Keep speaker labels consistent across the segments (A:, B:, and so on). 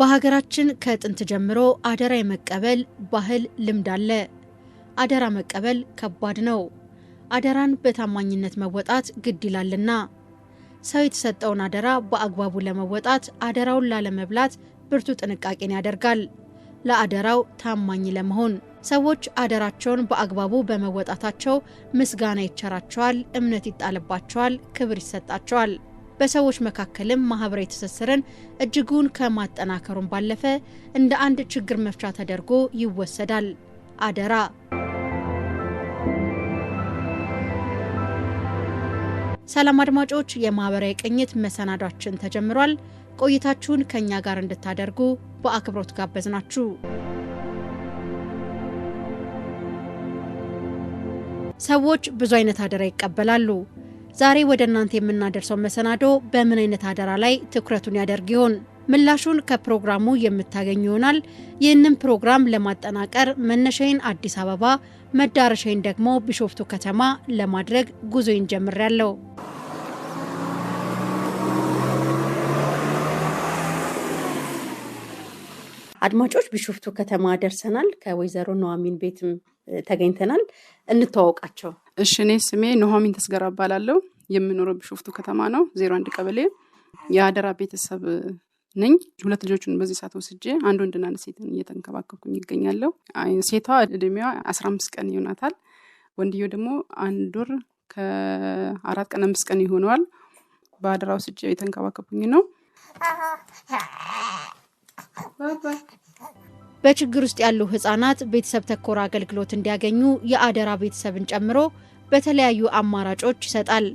A: በሀገራችን ከጥንት ጀምሮ አደራ የመቀበል ባህል ልምድ አለ። አደራ መቀበል ከባድ ነው። አደራን በታማኝነት መወጣት ግድ ይላልና ሰው የተሰጠውን አደራ በአግባቡ ለመወጣት አደራውን ላለመብላት ብርቱ ጥንቃቄን ያደርጋል። ለአደራው ታማኝ ለመሆን ሰዎች አደራቸውን በአግባቡ በመወጣታቸው ምስጋና ይቸራቸዋል፣ እምነት ይጣልባቸዋል፣ ክብር ይሰጣቸዋል። በሰዎች መካከልም ማህበራዊ ትስስርን እጅጉን ከማጠናከሩን ባለፈ እንደ አንድ ችግር መፍቻ ተደርጎ ይወሰዳል። አደራ ሰላም አድማጮች፣ የማህበራዊ ቅኝት መሰናዷችን ተጀምሯል። ቆይታችሁን ከእኛ ጋር እንድታደርጉ በአክብሮት ጋበዝናችሁ። ሰዎች ብዙ አይነት አደራ ይቀበላሉ። ዛሬ ወደ እናንተ የምናደርሰው መሰናዶ በምን አይነት አደራ ላይ ትኩረቱን ያደርግ ይሆን? ምላሹን ከፕሮግራሙ የምታገኙ ይሆናል። ይህንን ፕሮግራም ለማጠናቀር መነሻዬን አዲስ አበባ መዳረሻዬን ደግሞ ቢሾፍቱ ከተማ ለማድረግ ጉዞዬን ጀምሬያለሁ።
B: አድማጮች ቢሾፍቱ ከተማ ደርሰናል። ከወይዘሮ ነዋሚን ቤትም ተገኝተናል። እንተዋውቃቸው።
C: እሺ እኔ ስሜ ኑሃሚን ተስገራ እባላለሁ። የምኖረው ቢሾፍቱ ከተማ ነው፣ ዜሮ አንድ ቀበሌ የአደራ ቤተሰብ ነኝ። ሁለት ልጆቹን በዚህ ሰዓት ወስጄ አንድ ወንድና ሴትን እየተንከባከብኩኝ ይገኛለሁ። ሴቷ እድሜዋ አስራ አምስት ቀን ይሆናታል። ወንድየው ደግሞ አንድ ወር ከአራት ቀን አምስት ቀን ይሆነዋል። በአደራ ወስጄ እየተንከባከብኩኝ ነው።
A: በችግር ውስጥ ያሉ ህጻናት ቤተሰብ ተኮር አገልግሎት እንዲያገኙ የአደራ ቤተሰብን ጨምሮ በተለያዩ አማራጮች ይሰጣል።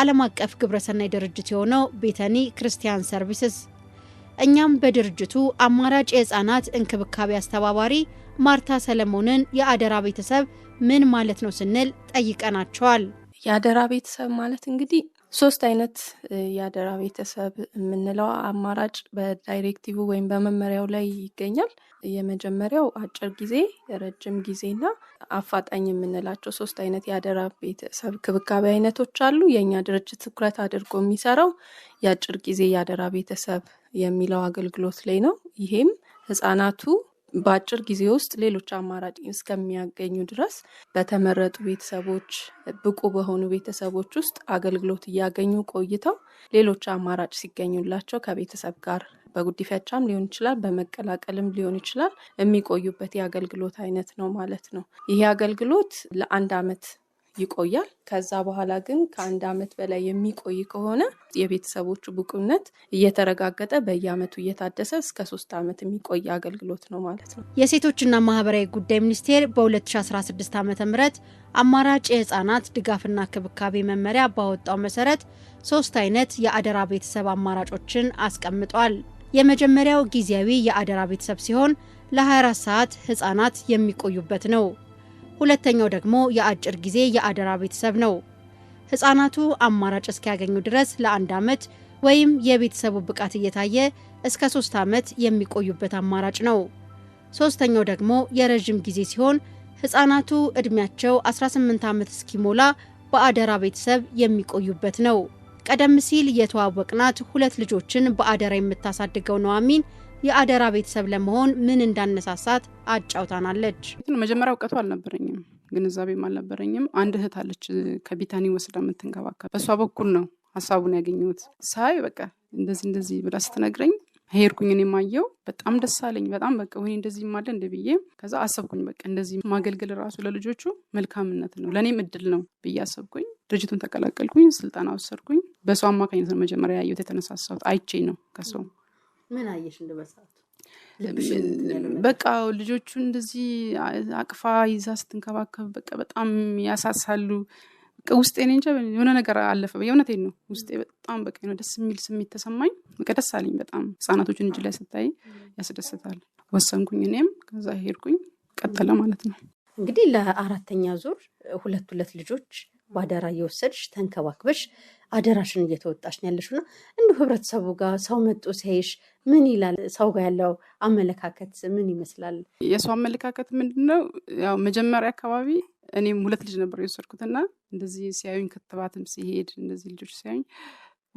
A: ዓለም አቀፍ ግብረሰናይ ድርጅት የሆነው ቤተኒ ክርስቲያን ሰርቪስስ። እኛም በድርጅቱ አማራጭ የህፃናት እንክብካቤ አስተባባሪ ማርታ ሰለሞንን የአደራ ቤተሰብ ምን ማለት ነው ስንል ጠይቀናቸዋል።
D: የአደራ ቤተሰብ ማለት እንግዲህ ሶስት አይነት የአደራ ቤተሰብ የምንለው አማራጭ በዳይሬክቲቭ ወይም በመመሪያው ላይ ይገኛል። የመጀመሪያው አጭር ጊዜ፣ ረጅም ጊዜና አፋጣኝ የምንላቸው ሶስት አይነት የአደራ ቤተሰብ ክብካቤ አይነቶች አሉ። የእኛ ድርጅት ትኩረት አድርጎ የሚሰራው የአጭር ጊዜ የአደራ ቤተሰብ የሚለው አገልግሎት ላይ ነው። ይሄም ህጻናቱ በአጭር ጊዜ ውስጥ ሌሎች አማራጭ እስከሚያገኙ ድረስ በተመረጡ ቤተሰቦች ብቁ በሆኑ ቤተሰቦች ውስጥ አገልግሎት እያገኙ ቆይተው ሌሎች አማራጭ ሲገኙላቸው ከቤተሰብ ጋር በጉዲፈቻም ሊሆን ይችላል፣ በመቀላቀልም ሊሆን ይችላል የሚቆዩበት የአገልግሎት አይነት ነው ማለት ነው። ይሄ አገልግሎት ለአንድ ዓመት ይቆያል። ከዛ በኋላ ግን ከአንድ ዓመት በላይ የሚቆይ ከሆነ የቤተሰቦቹ ብቁነት እየተረጋገጠ በየዓመቱ እየታደሰ እስከ ሶስት ዓመት የሚቆይ አገልግሎት ነው ማለት ነው።
A: የሴቶችና ማህበራዊ ጉዳይ ሚኒስቴር በ2016 ዓ ም አማራጭ የህፃናት ድጋፍና ክብካቤ መመሪያ ባወጣው መሰረት ሶስት አይነት የአደራ ቤተሰብ አማራጮችን አስቀምጧል። የመጀመሪያው ጊዜያዊ የአደራ ቤተሰብ ሲሆን ለ24 ሰዓት ህፃናት የሚቆዩበት ነው። ሁለተኛው ደግሞ የአጭር ጊዜ የአደራ ቤተሰብ ነው። ህፃናቱ አማራጭ እስኪያገኙ ድረስ ለአንድ ዓመት ወይም የቤተሰቡ ብቃት እየታየ እስከ ሶስት ዓመት የሚቆዩበት አማራጭ ነው። ሶስተኛው ደግሞ የረዥም ጊዜ ሲሆን ህፃናቱ ዕድሜያቸው 18 ዓመት እስኪሞላ በአደራ ቤተሰብ የሚቆዩበት ነው። ቀደም ሲል የተዋወቅናት ሁለት ልጆችን በአደራ የምታሳድገው ነዋሚን የአደራ ቤተሰብ ለመሆን ምን እንዳነሳሳት አጫውታናለች።
D: መጀመሪያ እውቀቱ አልነበረኝም፣ ግንዛቤም አልነበረኝም። አንድ እህት አለች ከቢታኒ ወስዳ የምትንከባከብ፣ በእሷ በኩል ነው ሀሳቡን ያገኘሁት። ሳይ በቃ እንደዚህ እንደዚህ ብላ ስትነግረኝ ሄድኩኝ እኔ ማየው በጣም ደስ አለኝ። በጣም በቃ ወይኔ እንደዚህ ማለ እንደ ብዬ ከዛ አሰብኩኝ በቃ እንደዚህ ማገልገል ራሱ ለልጆቹ መልካምነት ነው፣ ለእኔም እድል ነው ብዬ አሰብኩኝ። ድርጅቱን ተቀላቀልኩኝ፣ ስልጠና ወሰድኩኝ። በሰው አማካኝነት ነው መጀመሪያ ያየሁት የተነሳሳሁት አይቼ ነው ከሰው
B: ምን አየሽ? እንደ በሰዓቱ
D: በቃ ልጆቹ እንደዚህ አቅፋ ይዛ ስትንከባከብ በቃ በጣም ያሳሳሉ። ውስጤ ነ እንጃ የሆነ ነገር አለፈ። የእውነት ነው። ውስጤ በጣም በቃ ነው ደስ የሚል ስሜት ተሰማኝ። በቃ ደስ አለኝ በጣም ህጻናቶችን እጅ ላይ ስታይ ያስደስታል። ወሰንኩኝ እኔም ከዛ ሄድኩኝ። ቀጠለ ማለት ነው
B: እንግዲህ ለአራተኛ ዙር ሁለት ሁለት ልጆች ባደራ እየወሰድሽ ተንከባክበሽ አደራሽን እየተወጣሽ ነው ያለሽው እና እንዲሁ ህብረተሰቡ ጋር ሰው መጦ ሲያይሽ ምን ይላል? ሰው ጋር ያለው አመለካከት ምን ይመስላል?
D: የሰው አመለካከት ምንድን ነው? ያው መጀመሪያ አካባቢ እኔም ሁለት ልጅ ነበር የወሰድኩትና እንደዚህ ሲያዩኝ ክትባትም ሲሄድ እንደዚህ ልጆች ሲያዩኝ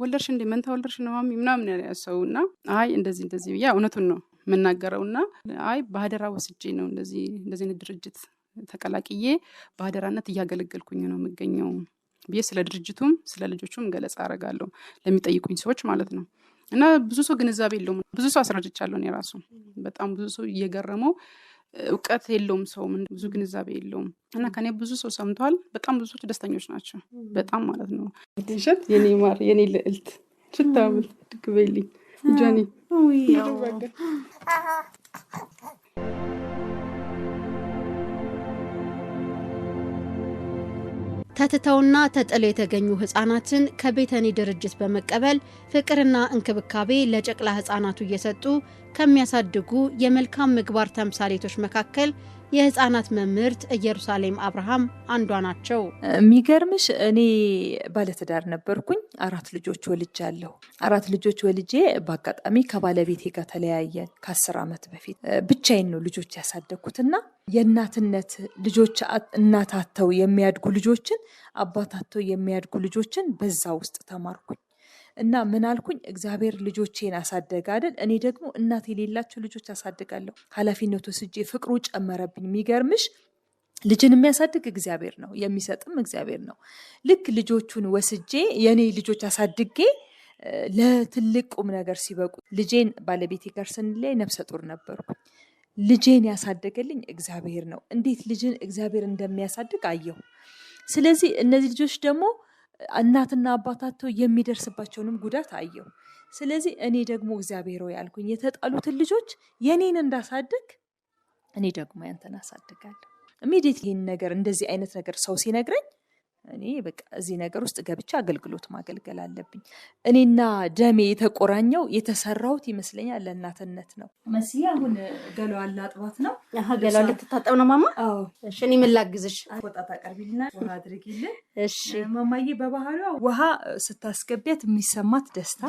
D: ወለድሽ እንዴ መንታ ወለድሽ ነው ማሚ ምናምን ያለ ሰው እና አይ እንደዚህ እንደዚህ ያ እውነቱን ነው የምናገረው እና አይ በአደራ ወስጄ ነው እንደዚህ እንደዚህ ድርጅት ተቀላቅዬ በአደራነት እያገለገልኩኝ ነው የምገኘው ብዬ ስለ ድርጅቱም ስለ ልጆቹም ገለጻ አደርጋለሁ ለሚጠይቁኝ ሰዎች ማለት ነው። እና ብዙ ሰው ግንዛቤ የለውም። ብዙ ሰው አስረድቻለሁ እኔ ራሱ በጣም ብዙ ሰው እየገረመው እውቀት የለውም ሰው ብዙ ግንዛቤ የለውም። እና ከኔ ብዙ ሰው ሰምተዋል። በጣም ብዙ ሰዎች ደስተኞች ናቸው። በጣም ማለት ነው። ሸት የኔ ማር የኔ ልዕልት ሽታብል ድግበልኝ ጆኒ
A: ተትተውና ተጥለው የተገኙ ህጻናትን ከቤተኒ ድርጅት በመቀበል ፍቅርና እንክብካቤ ለጨቅላ ህጻናቱ እየሰጡ ከሚያሳድጉ የመልካም ምግባር ተምሳሌቶች መካከል የህፃናት መምህርት ኢየሩሳሌም አብርሃም አንዷ ናቸው።
B: የሚገርምሽ እኔ ባለትዳር ነበርኩኝ። አራት ልጆች ወልጅ አለሁ። አራት ልጆች ወልጄ በአጋጣሚ ከባለቤቴ ጋር ተለያየን ከአስር ዓመት በፊት። ብቻዬን ነው ልጆች ያሳደግኩትና የእናትነት ልጆች እናታተው የሚያድጉ ልጆችን አባታተው የሚያድጉ ልጆችን በዛ ውስጥ ተማርኩኝ። እና ምን አልኩኝ? እግዚአብሔር ልጆቼን አሳደገ አይደል? እኔ ደግሞ እናት የሌላቸው ልጆች አሳድጋለሁ። ኃላፊነቱ ስጄ ፍቅሩ ጨመረብኝ። የሚገርምሽ ልጅን የሚያሳድግ እግዚአብሔር ነው፣ የሚሰጥም እግዚአብሔር ነው። ልክ ልጆቹን ወስጄ የእኔ ልጆች አሳድጌ ለትልቅ ቁም ነገር ሲበቁ ልጄን ባለቤቴ ጋር ስንለያይ ነፍሰ ጡር ነበርኩ። ልጄን ያሳደገልኝ እግዚአብሔር ነው። እንዴት ልጅን እግዚአብሔር እንደሚያሳድግ አየሁ። ስለዚህ እነዚህ ልጆች ደግሞ እናትና አባታቸው የሚደርስባቸውንም ጉዳት አየው። ስለዚህ እኔ ደግሞ እግዚአብሔር ሆይ ያልኩኝ የተጣሉትን ልጆች የኔን እንዳሳድግ እኔ ደግሞ ያንተን አሳድጋለሁ። ኢሚዲየት ይህን ነገር እንደዚህ አይነት ነገር ሰው ሲነግረኝ እኔ በቃ እዚህ ነገር ውስጥ ገብቼ አገልግሎት ማገልገል አለብኝ። እኔና ደሜ የተቆራኘው የተሰራሁት ይመስለኛል ለእናትነት ነው። መስ አሁን ገላዋ ላጥባት ነው።
E: ገላዋ ልትታጠብ ነው ማማ። እኔ ምን ላግዝሽ?
B: ቆጣ ታቀርቢልና ውሃ አድርጊልን። እሺ ማማዬ በባህሏ ውሃ ስታስገቢያት የሚሰማት ደስታ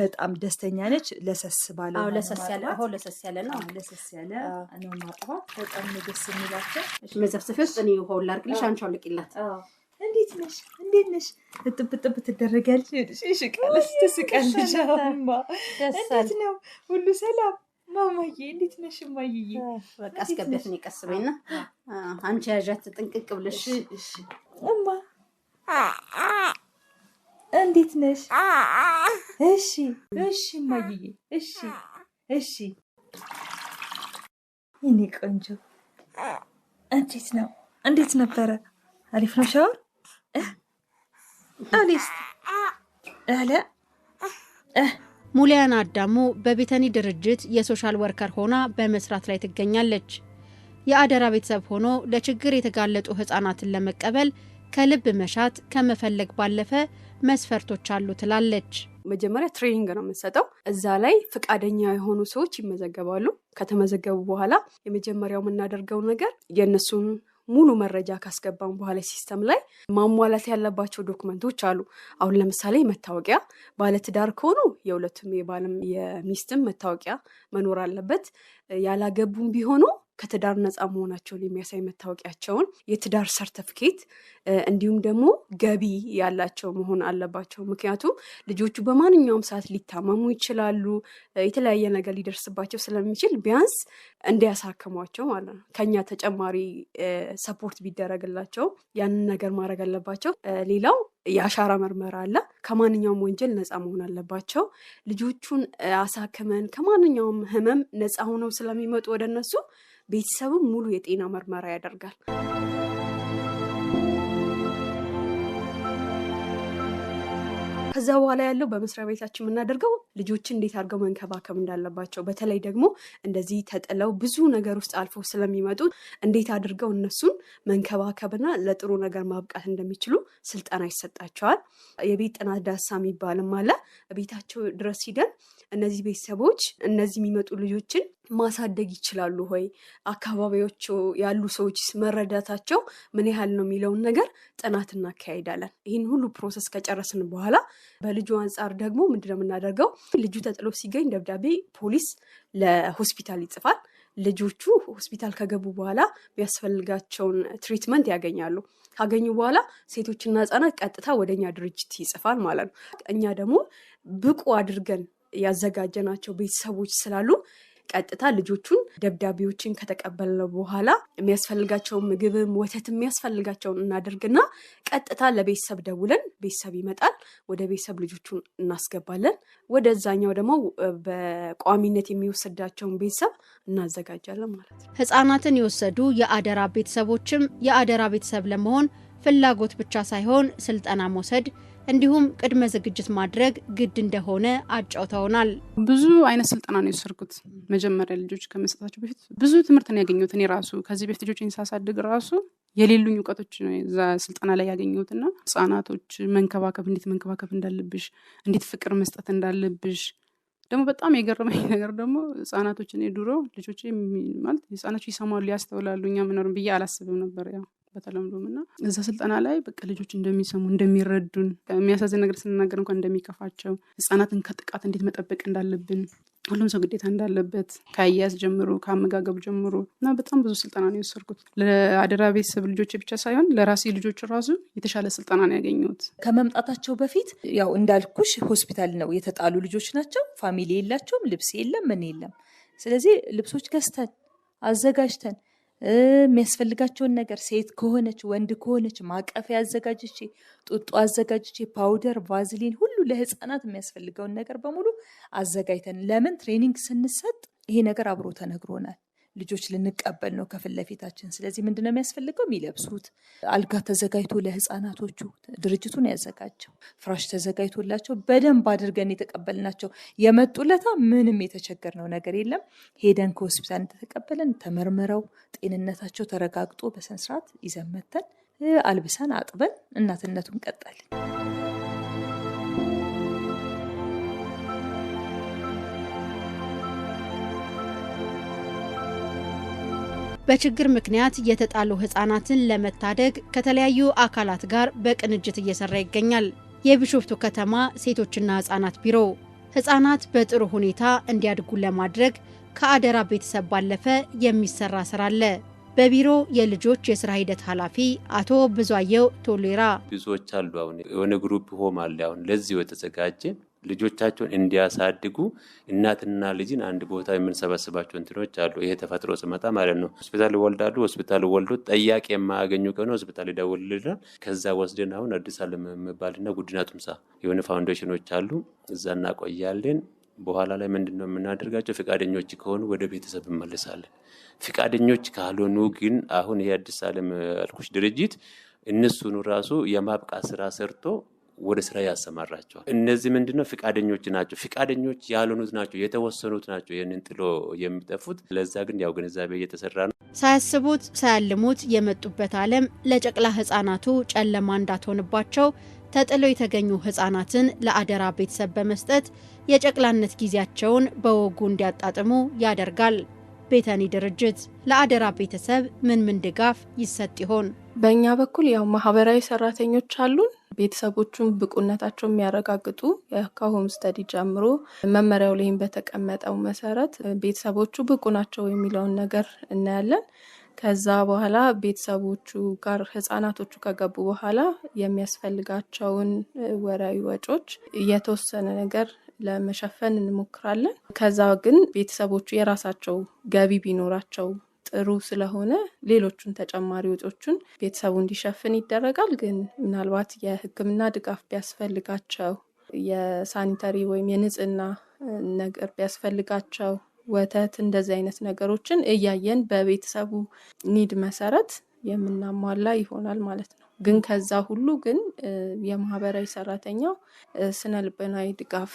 B: በጣም ደስተኛ ነች። ለሰስ ባለ
E: ለሰስ ያለ ነው ለሰስ ያለ ነው ማጥባት በጣም ደስ የሚላቸው መዘፍዘፊያ ውስጥ እኔ ውሃውን ላድርግልሽ፣ አንቺ አውልቂላት
B: እንዴት ነሽ? እንዴት ነሽ? እጥብ እጥብ ትደረጊያለሽ። ሽቃለስ ትስቃለሽ። አሁንማ እንዴት ነው? ሁሉ ሰላም ማማዬ? እንዴት ነሽ ማይዬ?
E: በቃ አስገቢያት። እኔ ቀስ አንቺ ያዣት ጥንቅቅ ብለሽ።
B: እማ እንዴት ነሽ? እሺ እሺ ማይዬ፣ እሺ እሺ። የኔ ቆንጆ እንዴት ነው? እንዴት ነበረ? አሪፍ ነው ሻወር እኔስ አለ።
A: ሙሊያን አዳሙ በቤተኒ ድርጅት የሶሻል ወርከር ሆና በመስራት ላይ ትገኛለች። የአደራ ቤተሰብ ሆኖ ለችግር የተጋለጡ ህጻናትን ለመቀበል ከልብ መሻት ከመፈለግ ባለፈ መስፈርቶች አሉ ትላለች።
B: መጀመሪያ ትሬኒንግ ነው የምንሰጠው። እዛ ላይ ፈቃደኛ የሆኑ ሰዎች ይመዘገባሉ። ከተመዘገቡ በኋላ የመጀመሪያው የምናደርገው ነገር የእነሱን ሙሉ መረጃ ካስገባን በኋላ ሲስተም ላይ ማሟላት ያለባቸው ዶክመንቶች አሉ። አሁን ለምሳሌ መታወቂያ፣ ባለትዳር ከሆኑ የሁለቱም የባልም የሚስትም መታወቂያ መኖር አለበት። ያላገቡም ቢሆኑ ከትዳር ነፃ መሆናቸውን የሚያሳይ መታወቂያቸውን፣ የትዳር ሰርተፍኬት እንዲሁም ደግሞ ገቢ ያላቸው መሆን አለባቸው። ምክንያቱም ልጆቹ በማንኛውም ሰዓት ሊታመሙ ይችላሉ። የተለያየ ነገር ሊደርስባቸው ስለሚችል ቢያንስ እንዲያሳክሟቸው ማለት ነው። ከኛ ተጨማሪ ሰፖርት ቢደረግላቸው ያንን ነገር ማድረግ አለባቸው። ሌላው የአሻራ ምርመራ አለ። ከማንኛውም ወንጀል ነፃ መሆን አለባቸው። ልጆቹን አሳክመን ከማንኛውም ህመም ነፃ ሆነው ስለሚመጡ ወደ እነሱ ቤተሰብም ሙሉ የጤና ምርመራ ያደርጋል። ከዛ በኋላ ያለው በመስሪያ ቤታችን የምናደርገው ልጆችን እንዴት አድርገው መንከባከብ እንዳለባቸው በተለይ ደግሞ እንደዚህ ተጥለው ብዙ ነገር ውስጥ አልፎ ስለሚመጡ እንዴት አድርገው እነሱን መንከባከብና ለጥሩ ነገር ማብቃት እንደሚችሉ ስልጠና ይሰጣቸዋል። የቤት ጥናት ዳሳ የሚባልም አለ። ቤታቸው ድረስ ሂደን እነዚህ ቤተሰቦች እነዚህ የሚመጡ ልጆችን ማሳደግ ይችላሉ ሆይ አካባቢዎቹ ያሉ ሰዎች መረዳታቸው ምን ያህል ነው የሚለውን ነገር ጥናት እናካሄዳለን። ይህን ሁሉ ፕሮሰስ ከጨረስን በኋላ በልጁ አንጻር ደግሞ ምንድን ነው የምናደርገው? ልጁ ተጥሎ ሲገኝ ደብዳቤ ፖሊስ ለሆስፒታል ይጽፋል። ልጆቹ ሆስፒታል ከገቡ በኋላ የሚያስፈልጋቸውን ትሪትመንት ያገኛሉ። ካገኙ በኋላ ሴቶችና ህጻናት ቀጥታ ወደኛ ድርጅት ይጽፋል ማለት ነው። እኛ ደግሞ ብቁ አድርገን ያዘጋጀናቸው ቤተሰቦች ስላሉ ቀጥታ ልጆቹን ደብዳቤዎችን ከተቀበለ በኋላ የሚያስፈልጋቸውን ምግብም ወተት የሚያስፈልጋቸውን እናደርግና ቀጥታ ለቤተሰብ ደውለን ቤተሰብ ይመጣል። ወደ ቤተሰብ ልጆቹን እናስገባለን። ወደዛኛው ደግሞ በቋሚነት የሚወሰዳቸውን ቤተሰብ እናዘጋጃለን ማለት
A: ነው። ህጻናትን የወሰዱ የአደራ ቤተሰቦችም የአደራ ቤተሰብ ለመሆን ፍላጎት ብቻ ሳይሆን ስልጠና መውሰድ እንዲሁም ቅድመ ዝግጅት ማድረግ ግድ እንደሆነ አጫውተውናል።
D: ብዙ አይነት ስልጠና ነው የወሰድኩት። መጀመሪያ ልጆች ከመስጠታቸው በፊት ብዙ ትምህርት ነው ያገኘሁት። እኔ ራሱ ከዚህ በፊት ልጆች ሳሳድግ ራሱ የሌሉኝ እውቀቶች ነው እዛ ስልጠና ላይ ያገኘሁትና ህጻናቶች መንከባከብ እንዴት መንከባከብ እንዳለብሽ፣ እንዴት ፍቅር መስጠት እንዳለብሽ ደግሞ በጣም የገረመኝ ነገር ደግሞ ህጻናቶች እኔ ድሮ ልጆች ማለት ህጻናቶች ይሰማሉ፣ ያስተውላሉ እኛ ምኖርም ብዬ አላስብም ነበር። ያው በተለምዶም እና እዛ ስልጠና ላይ በቃ ልጆች እንደሚሰሙ እንደሚረዱን የሚያሳዝን ነገር ስንናገር እንኳን እንደሚከፋቸው ህጻናትን ከጥቃት እንዴት መጠበቅ እንዳለብን ሁሉም ሰው ግዴታ እንዳለበት ከአያያዝ ጀምሮ ከአመጋገብ ጀምሮ እና በጣም ብዙ ስልጠና ነው የወሰድኩት። ለአደራ ቤተሰብ ልጆች ብቻ ሳይሆን ለራሴ ልጆች ራሱ የተሻለ ስልጠና ነው ያገኘሁት።
B: ከመምጣታቸው በፊት ያው እንዳልኩሽ ሆስፒታል ነው የተጣሉ ልጆች ናቸው። ፋሚሊ የላቸውም፣ ልብስ የለም፣ ምን የለም። ስለዚህ ልብሶች ገዝተን አዘጋጅተን የሚያስፈልጋቸውን ነገር ሴት ከሆነች ወንድ ከሆነች ማቀፊያ አዘጋጅቼ ጡጦ አዘጋጅቼ ፓውደር፣ ቫዝሊን ሁሉ ለህፃናት የሚያስፈልገውን ነገር በሙሉ አዘጋጅተን ለምን ትሬኒንግ ስንሰጥ ይሄ ነገር አብሮ ተነግሮናል። ልጆች ልንቀበል ነው ከፊት ለፊታችን። ስለዚህ ምንድን ነው የሚያስፈልገው? የሚለብሱት አልጋ ተዘጋጅቶ ለህፃናቶቹ ድርጅቱን ያዘጋጀው ፍራሽ ተዘጋጅቶላቸው በደንብ አድርገን የተቀበልናቸው የመጡለታ ምንም የተቸገርነው ነገር የለም። ሄደን ከሆስፒታል እንደተቀበለን ተመርምረው ጤንነታቸው ተረጋግጦ በስነስርዓት ይዘመተን አልብሰን አጥበን እናትነቱን ቀጠልን።
A: በችግር ምክንያት የተጣሉ ህጻናትን ለመታደግ ከተለያዩ አካላት ጋር በቅንጅት እየሰራ ይገኛል። የቢሾፍቱ ከተማ ሴቶችና ህጻናት ቢሮ ህጻናት በጥሩ ሁኔታ እንዲያድጉ ለማድረግ ከአደራ ቤተሰብ ባለፈ የሚሰራ ስራ አለ። በቢሮ የልጆች የስራ ሂደት ኃላፊ አቶ ብዙአየው ቶሌራ
F: ብዙዎች አሉ። አሁን የሆነ ግሩፕ ሆም አለ አሁን ለዚህ የተዘጋጀ ልጆቻቸውን እንዲያሳድጉ እናትና ልጅን አንድ ቦታ የምንሰበስባቸው እንትኖች አሉ። ይሄ ተፈጥሮ ስመጣ ማለት ነው። ሆስፒታል ይወልዳሉ። ሆስፒታል ወልዶ ጠያቂ የማያገኙ ከሆነ ሆስፒታል ይደውልልናል። ከዛ ወስደን አሁን አዲስ ዓለም የሚባልና ጉድና ቱምሳ የሆነ ፋውንዴሽኖች አሉ። እዛ እናቆያለን። በኋላ ላይ ምንድን ነው የምናደርጋቸው? ፍቃደኞች ከሆኑ ወደ ቤተሰብ እንመልሳለን። ፍቃደኞች ካልሆኑ ግን አሁን ይሄ አዲስ አለም አልኩሽ ድርጅት እነሱን ራሱ የማብቃት ስራ ሰርቶ ወደ ስራ ያሰማራቸዋል። እነዚህ ምንድነው ፍቃደኞች ናቸው፣ ፍቃደኞች ያልሆኑት ናቸው፣ የተወሰኑት ናቸው ይህንን ጥሎ የሚጠፉት። ለዛ ግን ያው ግንዛቤ እየተሰራ ነው።
A: ሳያስቡት ሳያልሙት የመጡበት ዓለም ለጨቅላ ህጻናቱ ጨለማ እንዳትሆንባቸው ተጥለው የተገኙ ህጻናትን ለአደራ ቤተሰብ በመስጠት የጨቅላነት ጊዜያቸውን በወጉ እንዲያጣጥሙ ያደርጋል። ቤተኒ ድርጅት ለአደራ ቤተሰብ ምን ምን ድጋፍ ይሰጥ ይሆን?
D: በእኛ በኩል ያው ማህበራዊ ሰራተኞች አሉን። ቤተሰቦቹን ብቁነታቸው የሚያረጋግጡ ከሆም ስተዲ ጀምሮ መመሪያው ላይም በተቀመጠው መሰረት ቤተሰቦቹ ብቁ ናቸው የሚለውን ነገር እናያለን። ከዛ በኋላ ቤተሰቦቹ ጋር ህጻናቶቹ ከገቡ በኋላ የሚያስፈልጋቸውን ወራዊ ወጮች የተወሰነ ነገር ለመሸፈን እንሞክራለን። ከዛ ግን ቤተሰቦቹ የራሳቸው ገቢ ቢኖራቸው ጥሩ ስለሆነ ሌሎቹን ተጨማሪ ወጪዎቹን ቤተሰቡ እንዲሸፍን ይደረጋል። ግን ምናልባት የሕክምና ድጋፍ ቢያስፈልጋቸው የሳኒተሪ ወይም የንጽህና ነገር ቢያስፈልጋቸው ወተት፣ እንደዚህ አይነት ነገሮችን እያየን በቤተሰቡ ኒድ መሰረት የምናሟላ ይሆናል ማለት ነው። ግን ከዛ ሁሉ ግን የማህበራዊ ሰራተኛው ስነ ልቦናዊ ድጋፍ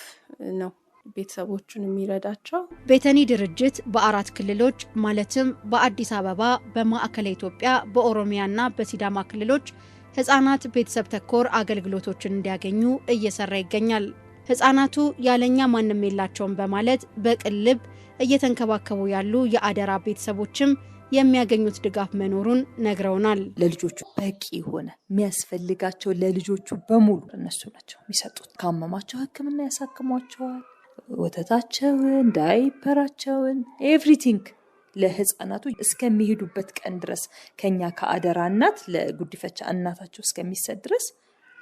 D: ነው ቤተሰቦቹን የሚረዳቸው
A: ቤተኒ ድርጅት በአራት ክልሎች ማለትም በአዲስ አበባ፣ በማዕከላዊ ኢትዮጵያ፣ በኦሮሚያና በሲዳማ ክልሎች ህጻናት ቤተሰብ ተኮር አገልግሎቶችን እንዲያገኙ እየሰራ ይገኛል። ህጻናቱ ያለኛ ማንም የላቸውም በማለት በቅልብ እየተንከባከቡ ያሉ የአደራ ቤተሰቦችም የሚያገኙት ድጋፍ መኖሩን ነግረውናል።
B: ለልጆቹ በቂ የሆነ የሚያስፈልጋቸው ለልጆቹ በሙሉ እነሱ ናቸው የሚሰጡት። ካመማቸው ሕክምና ያሳክሟቸዋል። ወተታቸውን፣ ዳይፐራቸውን፣ ኤቭሪቲንግ ለህፃናቱ እስከሚሄዱበት ቀን ድረስ ከኛ ከአደራ እናት ለጉዲፈቻ እናታቸው እስከሚሰጥ ድረስ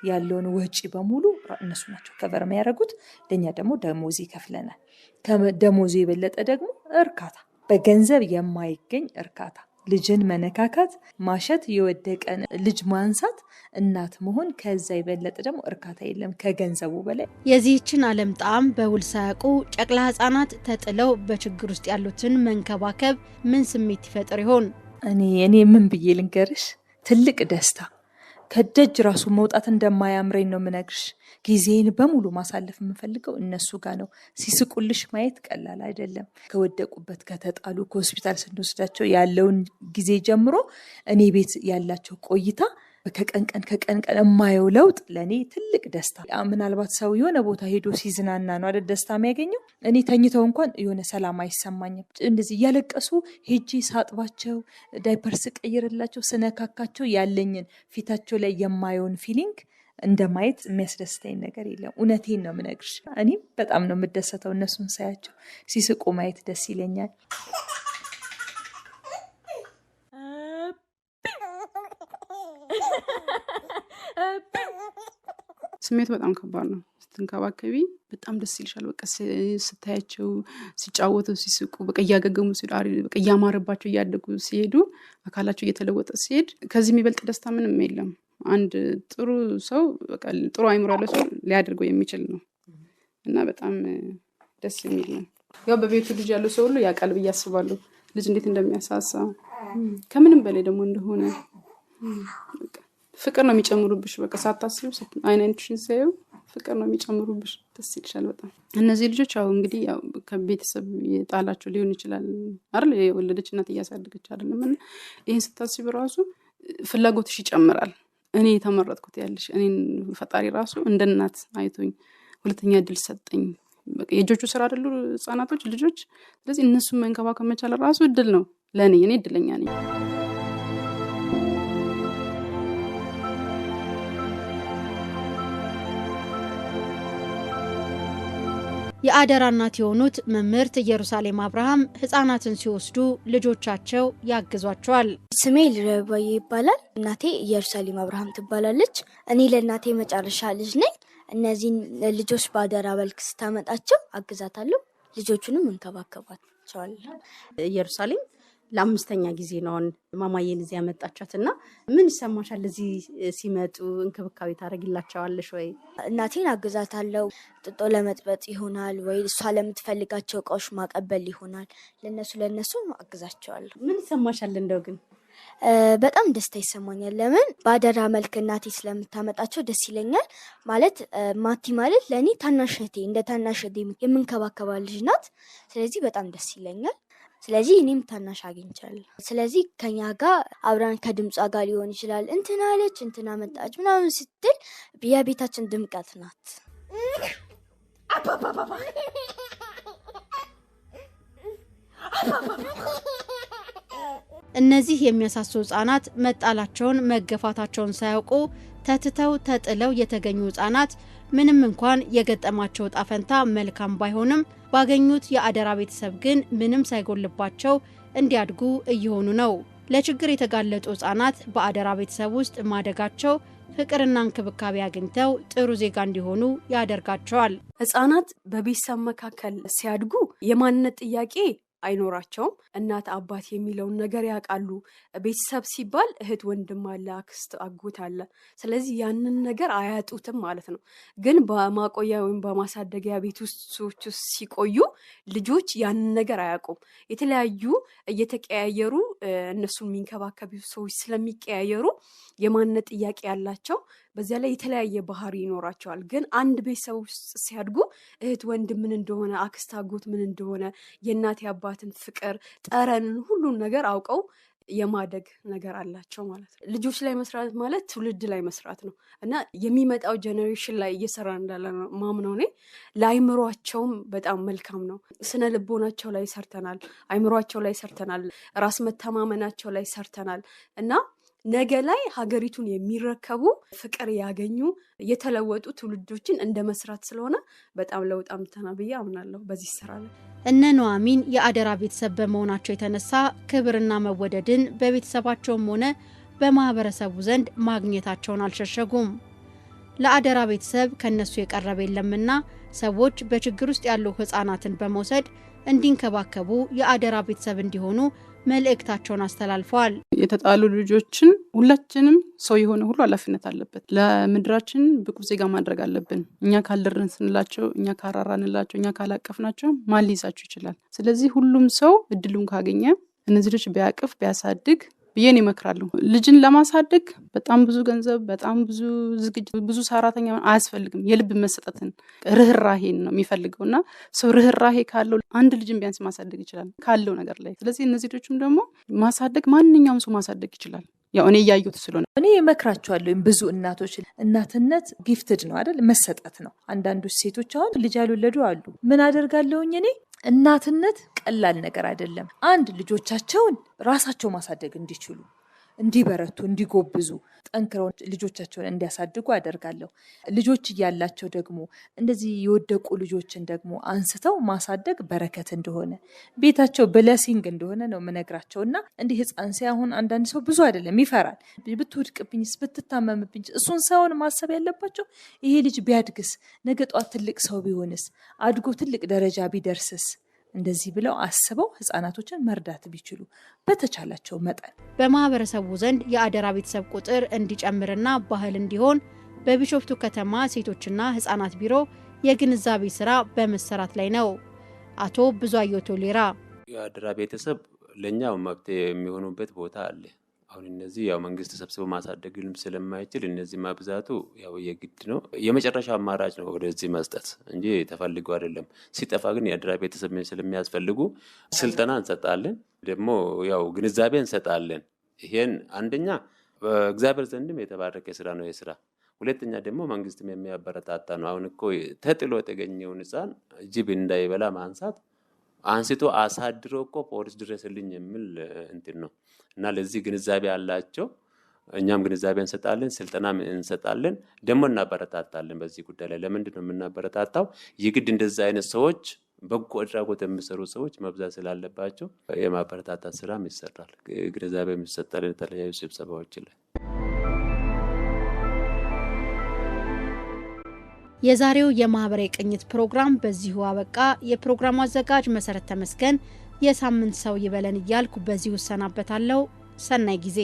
B: ያለውን ወጪ በሙሉ እነሱ ናቸው ከቨር የሚያደርጉት። ለእኛ ደግሞ ደሞዝ ይከፍለናል። ከደሞዙ የበለጠ ደግሞ እርካታ፣ በገንዘብ የማይገኝ እርካታ ልጅን መነካካት፣ ማሸት፣ የወደቀን ልጅ ማንሳት፣ እናት መሆን ከዛ የበለጠ ደግሞ እርካታ የለም ከገንዘቡ በላይ።
A: የዚህችን ዓለም ጣዕም በውል ሳያውቁ ጨቅላ ህጻናት ተጥለው በችግር ውስጥ ያሉትን መንከባከብ ምን ስሜት ይፈጥር ይሆን?
B: እኔ እኔ ምን ብዬ ልንገርሽ፣ ትልቅ ደስታ ከደጅ ራሱ መውጣት እንደማያምረኝ ነው የምነግርሽ። ጊዜን በሙሉ ማሳለፍ የምፈልገው እነሱ ጋር ነው። ሲስቁልሽ ማየት ቀላል አይደለም። ከወደቁበት ከተጣሉ፣ ከሆስፒታል ስንወስዳቸው ያለውን ጊዜ ጀምሮ እኔ ቤት ያላቸው ቆይታ ከቀን ቀን ከቀን ቀን የማየው ለውጥ ለእኔ ትልቅ ደስታ። ምናልባት ሰው የሆነ ቦታ ሄዶ ሲዝናና ነው አይደል ደስታ የሚያገኘው። እኔ ተኝተው እንኳን የሆነ ሰላም አይሰማኝም። እንደዚህ እያለቀሱ ሄጂ ሳጥባቸው፣ ዳይፐር ቀይርላቸው፣ ስነካካቸው ያለኝን ፊታቸው ላይ የማየውን ፊሊንግ እንደ ማየት የሚያስደስተኝ ነገር የለም። እውነቴን ነው የምነግርሽ። እኔም በጣም ነው የምደሰተው እነሱን ሳያቸው፣ ሲስቁ ማየት ደስ ይለኛል።
D: ስሜት በጣም ከባድ ነው። ስትንከባከቢ በጣም ደስ ይልሻል። በቃ ስታያቸው ሲጫወቱ፣ ሲስቁ በቃ እያገገሙ በቃ እያማረባቸው እያደጉ ሲሄዱ አካላቸው እየተለወጠ ሲሄድ ከዚህ የሚበልጥ ደስታ ምንም የለም። አንድ ጥሩ ሰው ጥሩ አይምሮ ያለ ሰው ሊያደርገው የሚችል ነው እና በጣም ደስ የሚል ነው። ያው በቤቱ ልጅ ያለው ሰው ሁሉ ያውቃል ብዬ አስባለሁ ልጅ እንዴት እንደሚያሳሳ ከምንም በላይ ደግሞ እንደሆነ ፍቅር ነው የሚጨምሩብሽ። በቃ ሳታስቢው አይናችሽን ሲያዩ ፍቅር ነው የሚጨምሩብሽ። ደስ ይልሻል በጣም። እነዚህ ልጆች ያው እንግዲህ ያው ከቤተሰብ የጣላቸው ሊሆን ይችላል አይደል? የወለደች እናት እያሳደገች አይደለም። እና ይህን ስታስቢ ራሱ ፍላጎትሽ ይጨምራል። እኔ የተመረጥኩት ያለሽ እኔን ፈጣሪ ራሱ እንደ እናት አይቶኝ ሁለተኛ እድል ሰጠኝ። የእጆቹ ስራ አይደሉ ህጻናቶች ልጆች። ስለዚህ እነሱን መንከባከብ መቻል ራሱ እድል ነው ለእኔ። እኔ እድለኛ ነኝ።
A: የአደራ እናት የሆኑት መምህርት ኢየሩሳሌም አብርሃም ህጻናትን ሲወስዱ ልጆቻቸው ያግዟቸዋል።
E: ስሜ ልረባዬ ይባላል። እናቴ ኢየሩሳሌም አብርሃም ትባላለች። እኔ ለእናቴ መጨረሻ ልጅ ነኝ። እነዚህን ልጆች በአደራ መልክ ስታመጣቸው አግዛታለሁ። ልጆቹንም እንከባከባቸዋለን።
B: ኢየሩሳሌም ለአምስተኛ ጊዜ ነውን ማማዬን እዚህ ያመጣቻት እና ምን ይሰማሻል? እዚህ ሲመጡ እንክብካቤ ታደርጊላቸዋለሽ ወይ?
E: እናቴን አግዛታለሁ። ጥጦ ለመጥበጥ ይሆናል ወይ እሷ ለምትፈልጋቸው እቃዎች ማቀበል ይሆናል። ለነሱ ለነሱ አግዛቸዋለሁ።
B: ምን ይሰማሻል? እንደው ግን
E: በጣም ደስታ ይሰማኛል። ለምን በአደራ መልክ እናቴ ስለምታመጣቸው ደስ ይለኛል። ማለት ማቲ ማለት ለእኔ ታናሽ እህቴ እንደ ታናሽ እህቴ የምንከባከባ ልጅ ናት። ስለዚህ በጣም ደስ ይለኛል። ስለዚህ እኔም ታናሽ አግኝቻለሁ። ስለዚህ ከኛ ጋር አብራን ከድምጿ ጋር ሊሆን ይችላል እንትና አለች እንትና መጣች ምናምን ስትል የቤታችን ድምቀት ናት።
A: እነዚህ የሚያሳሱ ህጻናት መጣላቸውን መገፋታቸውን ሳያውቁ ተትተው ተጥለው የተገኙ ህጻናት ምንም እንኳን የገጠማቸው እጣ ፈንታ መልካም ባይሆንም ባገኙት የአደራ ቤተሰብ ግን ምንም ሳይጎልባቸው እንዲያድጉ እየሆኑ ነው። ለችግር የተጋለጡ ህጻናት በአደራ ቤተሰብ ውስጥ ማደጋቸው ፍቅርና እንክብካቤ አግኝተው ጥሩ ዜጋ እንዲሆኑ ያደርጋቸዋል።
B: ህጻናት በቤተሰብ መካከል ሲያድጉ የማንነት ጥያቄ አይኖራቸውም። እናት አባት የሚለውን ነገር ያውቃሉ። ቤተሰብ ሲባል እህት ወንድም አለ፣ አክስት አጎት አለ። ስለዚህ ያንን ነገር አያጡትም ማለት ነው። ግን በማቆያ ወይም በማሳደጊያ ቤት ውስጥ ሲቆዩ ልጆች ያንን ነገር አያውቁም። የተለያዩ እየተቀያየሩ እነሱን የሚንከባከቢ ሰዎች ስለሚቀያየሩ የማንነት ጥያቄ ያላቸው በዚያ ላይ የተለያየ ባህሪ ይኖራቸዋል። ግን አንድ ቤተሰብ ውስጥ ሲያድጉ እህት ወንድም ምን እንደሆነ፣ አክስት አጎት ምን እንደሆነ፣ የእናት አባትን ፍቅር፣ ጠረንን፣ ሁሉን ነገር አውቀው የማደግ ነገር አላቸው ማለት ነው። ልጆች ላይ መስራት ማለት ትውልድ ላይ መስራት ነው እና የሚመጣው ጀኔሬሽን ላይ እየሰራ እንዳለ ማምነው እኔ ለአይምሯቸውም በጣም መልካም ነው። ስነ ልቦናቸው ላይ ሰርተናል፣ አይምሯቸው ላይ ሰርተናል፣ ራስ መተማመናቸው ላይ ሰርተናል እና ነገ ላይ ሀገሪቱን የሚረከቡ ፍቅር ያገኙ የተለወጡ ትውልዶችን እንደ መስራት ስለሆነ በጣም ለውጥ አምጥተና ብዬ አምናለሁ በዚህ ስራ ላይ።
A: እነ ኑሐሚን የአደራ ቤተሰብ በመሆናቸው የተነሳ ክብርና መወደድን በቤተሰባቸውም ሆነ በማህበረሰቡ ዘንድ ማግኘታቸውን አልሸሸጉም። ለአደራ ቤተሰብ ከነሱ የቀረበ የለምና ሰዎች በችግር ውስጥ ያሉ ህጻናትን በመውሰድ እንዲንከባከቡ የአደራ ቤተሰብ እንዲሆኑ መልእክታቸውን አስተላልፈዋል።
D: የተጣሉ ልጆችን ሁላችንም ሰው የሆነ ሁሉ ኃላፊነት አለበት። ለምድራችን ብቁ ዜጋ ማድረግ አለብን። እኛ ካልደርን ስንላቸው፣ እኛ ካራራንላቸው፣ እኛ ካላቀፍናቸው ማን ሊይዛቸው ይችላል? ስለዚህ ሁሉም ሰው እድሉን ካገኘ እነዚህ ልጆች ቢያቅፍ ቢያሳድግ ብዬን ይመክራለሁ። ልጅን ለማሳደግ በጣም ብዙ ገንዘብ፣ በጣም ብዙ ዝግጅት፣ ብዙ ሰራተኛ አያስፈልግም። የልብ መሰጠትን ርህራሄን ነው የሚፈልገው እና ሰው ርህራሄ ካለው አንድ ልጅን ቢያንስ ማሳደግ ይችላል ካለው ነገር ላይ። ስለዚህ እነዚህ ልጆችም ደግሞ ማሳደግ ማንኛውም ሰው ማሳደግ ይችላል። ያው እኔ እያየሁት ስለሆነ
B: እኔ እመክራቸዋለሁ። ብዙ እናቶች እናትነት ጊፍትድ ነው አይደል? መሰጠት ነው። አንዳንዶች ሴቶች አሁን ልጅ ያልወለዱ አሉ። ምን አደርጋለሁኝ እኔ እናትነት ቀላል ነገር አይደለም። አንድ ልጆቻቸውን ራሳቸው ማሳደግ እንዲችሉ እንዲበረቱ፣ እንዲጎብዙ፣ ጠንክረው ልጆቻቸውን እንዲያሳድጉ አደርጋለሁ። ልጆች እያላቸው ደግሞ እንደዚህ የወደቁ ልጆችን ደግሞ አንስተው ማሳደግ በረከት እንደሆነ ቤታቸው ብለሲንግ እንደሆነ ነው የምነግራቸው እና እንዲህ ሕፃን ሲያ አንዳንድ ሰው ብዙ አይደለም ይፈራል። ብትወድቅብኝስ፣ ብትታመምብኝ፣ እሱን ሳይሆን ማሰብ ያለባቸው ይሄ ልጅ ቢያድግስ፣ ነገ ጧት ትልቅ ሰው ቢሆንስ፣ አድጎ ትልቅ ደረጃ ቢደርስስ እንደዚህ ብለው አስበው ህጻናቶችን መርዳት ቢችሉ በተቻላቸው መጠን
A: በማህበረሰቡ ዘንድ የአደራ ቤተሰብ ቁጥር እንዲጨምርና ባህል እንዲሆን በቢሾፍቱ ከተማ ሴቶችና ህጻናት ቢሮ የግንዛቤ ስራ በመሰራት ላይ ነው። አቶ ብዙአየሁ ቶሌራ
F: የአደራ ቤተሰብ ለእኛ መብት የሚሆኑበት ቦታ አለ። አሁን እነዚህ ያው መንግስት ሰብስቦ ማሳደግንም ስለማይችል እነዚህ ማብዛቱ ያው የግድ ነው። የመጨረሻ አማራጭ ነው ወደዚህ መስጠት እንጂ ተፈልገው አይደለም። ሲጠፋ ግን የአደራ ቤተሰብ ስለሚያስፈልጉ ስልጠና እንሰጣለን፣ ደግሞ ያው ግንዛቤ እንሰጣለን። ይሄን አንደኛ በእግዚአብሔር ዘንድም የተባረከ ስራ ነው የስራ ሁለተኛ ደግሞ መንግስትም የሚያበረታታ ነው። አሁን እኮ ተጥሎ የተገኘውን ህፃን ጅብ እንዳይበላ ማንሳት አንስቶ አሳድሮ እኮ ፖሊስ ድረስልኝ የሚል እንትን ነው እና ለዚህ ግንዛቤ አላቸው። እኛም ግንዛቤ እንሰጣለን፣ ስልጠና እንሰጣለን፣ ደግሞ እናበረታታለን። በዚህ ጉዳይ ላይ ለምንድን ነው የምናበረታታው? የግድ እንደዚህ አይነት ሰዎች በጎ አድራጎት የሚሰሩ ሰዎች መብዛት ስላለባቸው የማበረታታት ስራም ይሰራል። ግንዛቤ የሚሰጣል የተለያዩ ስብሰባዎች ላይ
A: የዛሬው የማህበራዊ ቅኝት ፕሮግራም በዚሁ አበቃ። የፕሮግራሙ አዘጋጅ መሰረት ተመስገን፣ የሳምንት ሰው ይበለን እያልኩ በዚሁ እሰናበታለሁ። ሰናይ ጊዜ